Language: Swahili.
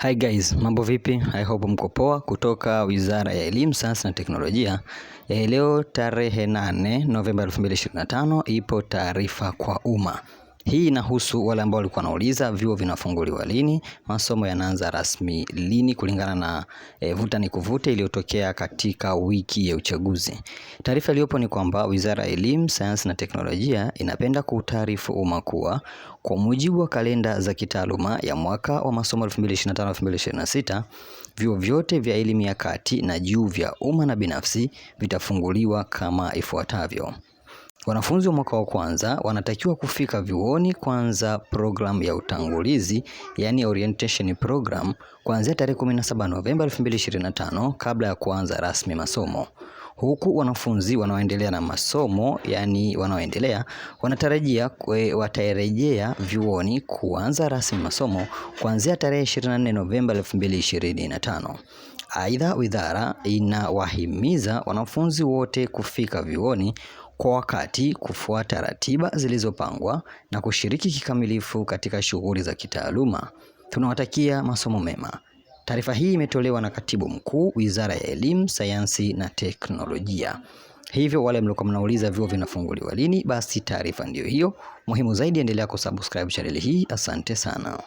Hi guys, mambo vipi? I hope mko poa. Kutoka Wizara ya Elimu, Sayansi na Teknolojia, eh, leo tarehe 8 Novemba 2025 ipo taarifa kwa umma. Hii inahusu wale ambao walikuwa wanauliza vyuo vinafunguliwa lini, masomo yanaanza rasmi lini kulingana na e, vuta ni kuvute iliyotokea katika wiki ya uchaguzi. Taarifa iliyopo ni kwamba Wizara ya Elimu, Sayansi na Teknolojia inapenda kuutaarifu umma kuwa kwa mujibu wa kalenda za kitaaluma ya mwaka wa masomo 2025-2026 vyuo vyote vya elimu ya kati na juu vya umma na binafsi vitafunguliwa kama ifuatavyo. Wanafunzi wa mwaka wa kwanza wanatakiwa kufika vyuoni kwanza program ya utangulizi, yani orientation program, kuanzia tarehe 17 Novemba 2025 kabla ya kuanza rasmi masomo huku wanafunzi wanaoendelea na masomo yani wanaoendelea wanatarajia eh, watarejea vyuoni kuanza rasmi masomo kuanzia tarehe 24 Novemba 2025. Aidha, wizara inawahimiza wanafunzi wote kufika vyuoni kwa wakati, kufuata ratiba zilizopangwa na kushiriki kikamilifu katika shughuli za kitaaluma. Tunawatakia masomo mema. Taarifa hii imetolewa na Katibu Mkuu, Wizara ya Elimu, Sayansi na Teknolojia. Hivyo wale mliokuwa mnauliza vyuo vinafunguliwa lini, basi taarifa ndiyo hiyo. Muhimu zaidi, endelea kusubscribe chaneli hii. Asante sana.